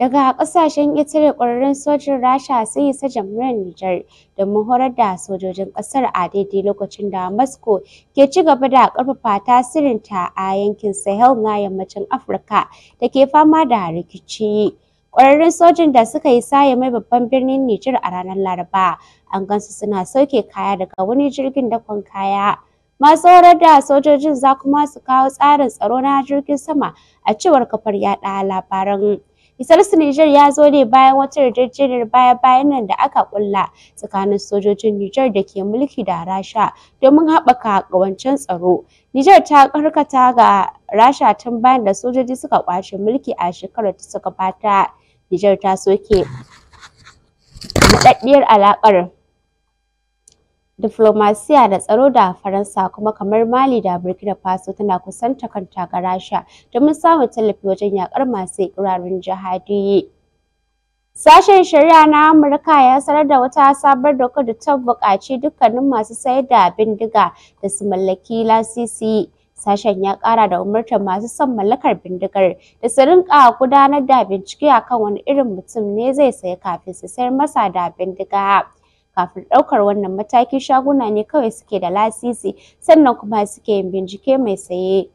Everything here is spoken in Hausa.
Daga ƙasashen ƙetare ƙwararrun sojin Rasha sun isa jam'iyyar Nijar domin horar da sojojin ƙasar a daidai lokacin da masko ke ci gaba da ƙarfafa tasirinta a yankin Sahel na Yammacin Afirka da ke fama da rikici. Ƙwararrun sojin da suka yi saye mai babban birnin Nijar a ranar Laraba an gansu suna sauke kaya daga wani jirgin dakon kaya. Masu horar da sojojin za kuma su kawo tsarin tsaro na jirgin sama a cewar kafar yaɗa labaran. Isarsu Nijar ya zo ne bayan wata yarjejeniyar baya-bayan nan da aka kulla tsakanin sojojin Nijar da ke mulki da Rasha domin haɓaka ƙawancen tsaro. Nijar ta karkata ga Rasha tun bayan da sojoji suka kwashe mulki a shekarar da suka bata. Nijar ta soke naɗaɗɗiyar alaƙar diflomasiya da tsaro da Faransa kuma kamar Mali da Burkina Faso tana kusanta kanta ga Rasha domin samun tallafi wajen yakar masu ikirarin jihadi. Sashen Shari'a na Amurka ya sanar da wata sabar doka da ta buƙaci dukkanin masu sayar da bindiga da su mallaki lasisi. Sashen ya ƙara da umartar masu son mallakar bindigar da su rinƙa gudanar da bincike akan wani irin mutum ne zai sayi kafin su sayar masa da bindiga. kafin ɗaukar wannan mataki shaguna ne kawai suke da lasisi sannan kuma suke yin bincike mai saye